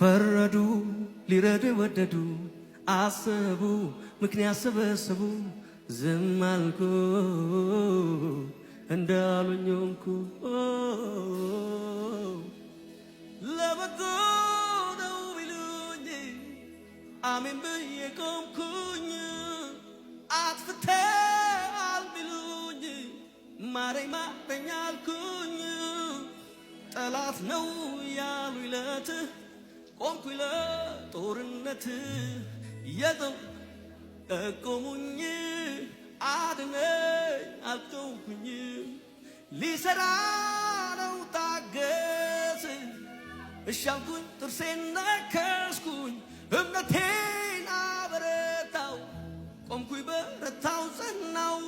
ፈረዱ ሊረዱ ወደዱ አሰቡ ምክንያት ሰበሰቡ ዝም አልኩ እንዳሉኝ ሆንኩ ለበጎ ነው ቢሉኝ አሜን ብዬ ቆምኩኝ አጥፍተሃል ቢሉኝ ማረኝ ማረኝ አልኩኝ ጠላት ነው ያሉ ይለትህ ቆምኩ ለጦርነት የጥም ጠቆሙኝ አድነኝ አልተውኩኝ ሊሰራ ነው ታገስ እሻልኩኝ ጥርሴን ነከስኩኝ እምነቴን አበረታው ቆምኩኝ በረታው ጸናው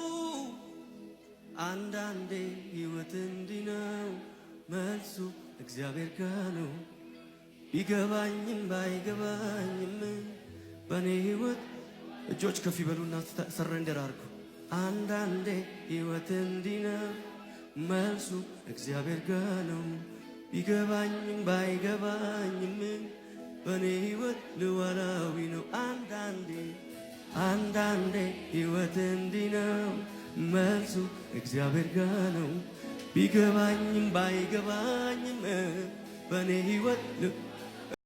አንዳንዴ ሕይወት እንዲህ ነው መልሱ እግዚአብሔር ጋ ነው። ቢገባኝም ባይገባኝም በእኔ ህይወት እጆች ከፍ ይበሉና ሰረንደር አርጉ። አንዳንዴ ህይወት እንዲነው መልሱ እግዚአብሔር ጋ ነው። ቢገባኝም ባይገባኝም በእኔ ህይወት ሉዓላዊ ነው። አንዳንዴ አንዳንዴ ህይወት እንዲነው መልሱ እግዚአብሔር ጋ ነው። ቢገባኝም ባይገባኝም በእኔ ህይወት